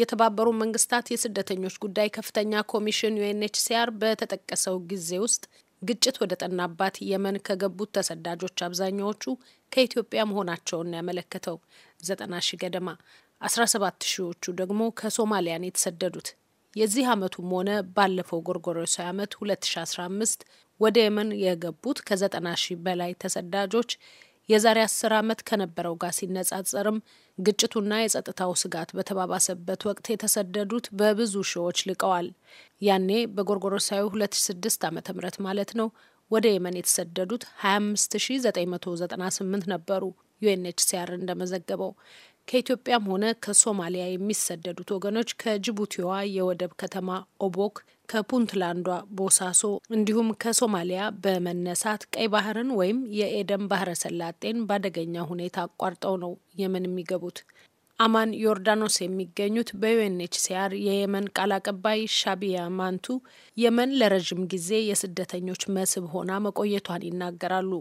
የተባበሩ መንግስታት የስደተኞች ጉዳይ ከፍተኛ ኮሚሽን ዩኤንኤችሲአር በተጠቀሰው ጊዜ ውስጥ ግጭት ወደ ጠናባት የመን ከገቡት ተሰዳጆች አብዛኛዎቹ ከኢትዮጵያ መሆናቸውን ያመለከተው ዘጠና ሺ ገደማ አስራ ሰባት ሺዎቹ ደግሞ ከሶማሊያን የተሰደዱት የዚህ አመቱም ሆነ ባለፈው ጎርጎሮሳዊ ዓመት ሁለት ሺ አስራ አምስት ወደ የመን የገቡት ከዘጠና ሺህ በላይ ተሰዳጆች የዛሬ አስር ዓመት ከነበረው ጋር ሲነጻጸርም ግጭቱና የጸጥታው ስጋት በተባባሰበት ወቅት የተሰደዱት በብዙ ሺዎች ልቀዋል። ያኔ በጎርጎሮሳዊ 2006 ዓ ም ማለት ነው ወደ የመን የተሰደዱት 25998 ነበሩ። ዩኤንኤችሲአር እንደመዘገበው ከኢትዮጵያም ሆነ ከሶማሊያ የሚሰደዱት ወገኖች ከጅቡቲዋ የወደብ ከተማ ኦቦክ ከፑንትላንዷ ቦሳሶ እንዲሁም ከሶማሊያ በመነሳት ቀይ ባህርን ወይም የኤደን ባህረ ሰላጤን በአደገኛ ሁኔታ አቋርጠው ነው የመን የሚገቡት። አማን ዮርዳኖስ የሚገኙት በዩኤንኤችሲአር የየመን ቃል አቀባይ ሻቢያ ማንቱ የመን ለረዥም ጊዜ የስደተኞች መስህብ ሆና መቆየቷን ይናገራሉ።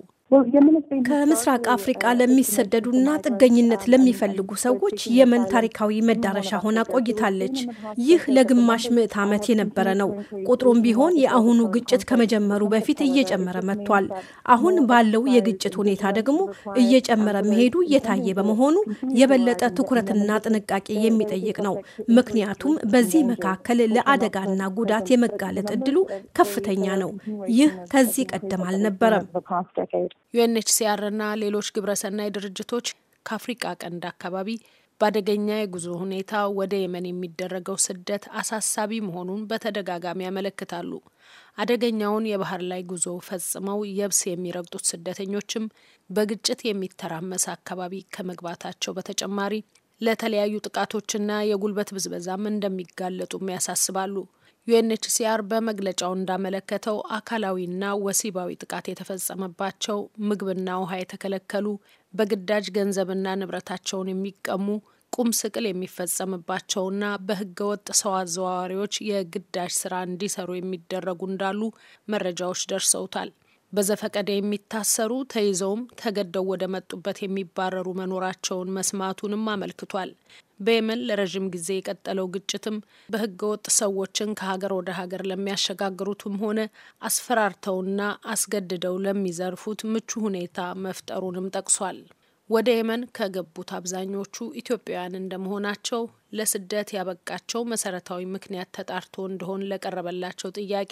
ከምስራቅ አፍሪቃ ለሚሰደዱና ጥገኝነት ለሚፈልጉ ሰዎች የመን ታሪካዊ መዳረሻ ሆና ቆይታለች። ይህ ለግማሽ ምዕት ዓመት የነበረ ነው። ቁጥሩም ቢሆን የአሁኑ ግጭት ከመጀመሩ በፊት እየጨመረ መጥቷል። አሁን ባለው የግጭት ሁኔታ ደግሞ እየጨመረ መሄዱ እየታየ በመሆኑ የበለጠ ትኩረትና ጥንቃቄ የሚጠይቅ ነው። ምክንያቱም በዚህ መካከል ለአደጋና ጉዳት የመጋለጥ እድሉ ከፍተኛ ነው። ይህ ከዚህ ቀደም አልነበረም። ዩኤንኤችሲአርና ሌሎች ግብረሰናይ ድርጅቶች ከአፍሪቃ ቀንድ አካባቢ በአደገኛ የጉዞ ሁኔታ ወደ የመን የሚደረገው ስደት አሳሳቢ መሆኑን በተደጋጋሚ ያመለክታሉ። አደገኛውን የባህር ላይ ጉዞ ፈጽመው የብስ የሚረግጡት ስደተኞችም በግጭት የሚተራመስ አካባቢ ከመግባታቸው በተጨማሪ ለተለያዩ ጥቃቶችና የጉልበት ብዝበዛም እንደሚጋለጡም ያሳስባሉ። ዩኤንኤችሲአር በመግለጫው እንዳመለከተው አካላዊና ወሲባዊ ጥቃት የተፈጸመባቸው፣ ምግብና ውሃ የተከለከሉ፣ በግዳጅ ገንዘብና ንብረታቸውን የሚቀሙ፣ ቁም ስቅል የሚፈጸምባቸውና በህገ ወጥ ሰው አዘዋዋሪዎች የግዳጅ ስራ እንዲሰሩ የሚደረጉ እንዳሉ መረጃዎች ደርሰውታል። በዘፈቀደ የሚታሰሩ ተይዘውም ተገደው ወደ መጡበት የሚባረሩ መኖራቸውን መስማቱንም አመልክቷል። በየመን ለረዥም ጊዜ የቀጠለው ግጭትም በህገወጥ ሰዎችን ከሀገር ወደ ሀገር ለሚያሸጋግሩትም ሆነ አስፈራርተውና አስገድደው ለሚዘርፉት ምቹ ሁኔታ መፍጠሩንም ጠቅሷል። ወደ የመን ከገቡት አብዛኞቹ ኢትዮጵያውያን እንደመሆናቸው ለስደት ያበቃቸው መሰረታዊ ምክንያት ተጣርቶ እንደሆን ለቀረበላቸው ጥያቄ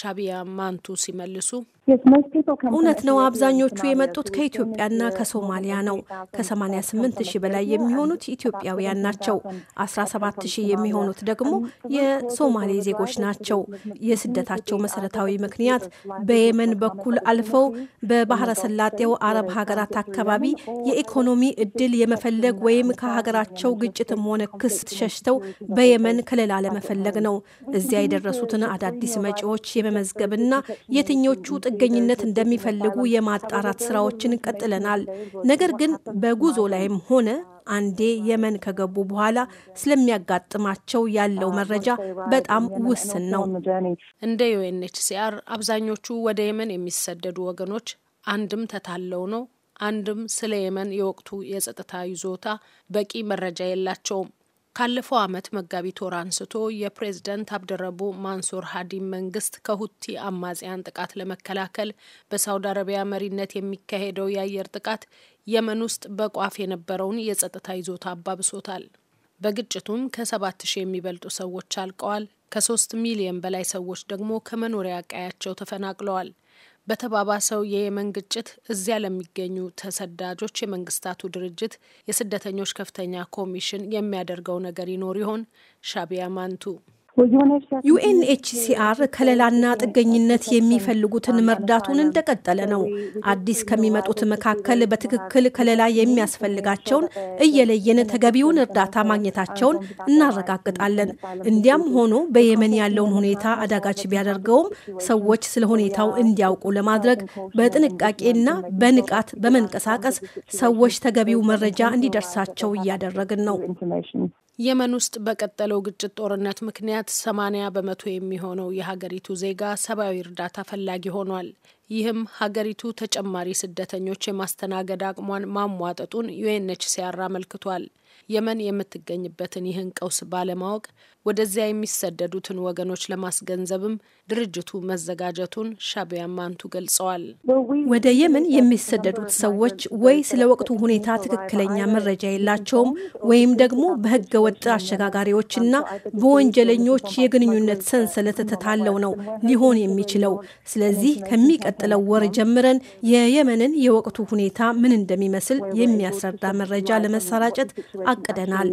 ሻቢያ ማንቱ ሲመልሱ እውነት ነው። አብዛኞቹ የመጡት ከኢትዮጵያና ከሶማሊያ ነው። ከ88 ሺህ በላይ የሚሆኑት ኢትዮጵያውያን ናቸው። 17 ሺህ የሚሆኑት ደግሞ የሶማሌ ዜጎች ናቸው። የስደታቸው መሰረታዊ ምክንያት በየመን በኩል አልፈው በባህረ ሰላጤው አረብ ሀገራት አካባቢ የኢኮኖሚ እድል የመፈለግ ወይም ከሀገራቸው ግጭትም ሆነ ክስ መንግስት ሸሽተው በየመን ከለላ ለመፈለግ ነው። እዚያ የደረሱትን አዳዲስ መጪዎች የመመዝገብና የትኞቹ ጥገኝነት እንደሚፈልጉ የማጣራት ስራዎችን ቀጥለናል። ነገር ግን በጉዞ ላይም ሆነ አንዴ የመን ከገቡ በኋላ ስለሚያጋጥማቸው ያለው መረጃ በጣም ውስን ነው። እንደ ዩኤንኤችሲአር አብዛኞቹ ወደ የመን የሚሰደዱ ወገኖች አንድም ተታለው ነው፣ አንድም ስለ የመን የወቅቱ የጸጥታ ይዞታ በቂ መረጃ የላቸውም። ካለፈው ዓመት መጋቢት ወር አንስቶ የፕሬዝደንት አብደረቡ ማንሱር ሀዲ መንግስት ከሁቲ አማጽያን ጥቃት ለመከላከል በሳውዲ አረቢያ መሪነት የሚካሄደው የአየር ጥቃት የመን ውስጥ በቋፍ የነበረውን የጸጥታ ይዞታ አባብሶታል። በግጭቱም ከሰባት ሺህ የሚበልጡ ሰዎች አልቀዋል። ከሶስት ሚሊዮን በላይ ሰዎች ደግሞ ከመኖሪያ ቀያቸው ተፈናቅለዋል። በተባባሰው የየመን ግጭት እዚያ ለሚገኙ ተሰዳጆች የመንግስታቱ ድርጅት የስደተኞች ከፍተኛ ኮሚሽን የሚያደርገው ነገር ይኖር ይሆን? ሻቢያ ማንቱ ዩኤንኤችሲአር ከለላና ጥገኝነት የሚፈልጉትን መርዳቱን እንደቀጠለ ነው። አዲስ ከሚመጡት መካከል በትክክል ከለላ የሚያስፈልጋቸውን እየለየን ተገቢውን እርዳታ ማግኘታቸውን እናረጋግጣለን። እንዲያም ሆኖ በየመን ያለውን ሁኔታ አዳጋች ቢያደርገውም ሰዎች ስለ ሁኔታው እንዲያውቁ ለማድረግ በጥንቃቄና በንቃት በመንቀሳቀስ ሰዎች ተገቢው መረጃ እንዲደርሳቸው እያደረግን ነው። የመን ውስጥ በቀጠለው ግጭት ጦርነት ምክንያት ሰማኒያ በመቶ የሚሆነው የሀገሪቱ ዜጋ ሰብአዊ እርዳታ ፈላጊ ሆኗል። ይህም ሀገሪቱ ተጨማሪ ስደተኞች የማስተናገድ አቅሟን ማሟጠጡን ዩኤንኤችሲአር አመልክቷል። የመን የምትገኝበትን ይህን ቀውስ ባለማወቅ ወደዚያ የሚሰደዱትን ወገኖች ለማስገንዘብም ድርጅቱ መዘጋጀቱን ሻቢያ ማንቱ ገልጸዋል። ወደ የመን የሚሰደዱት ሰዎች ወይ ስለ ወቅቱ ሁኔታ ትክክለኛ መረጃ የላቸውም ወይም ደግሞ በህገ ወጥ አሸጋጋሪዎችና በወንጀለኞች የግንኙነት ሰንሰለት ተታለው ነው ሊሆን የሚችለው። ስለዚህ ከሚቀጥለው ወር ጀምረን የየመንን የወቅቱ ሁኔታ ምን እንደሚመስል የሚያስረዳ መረጃ ለመሰራጨት አቅደናል።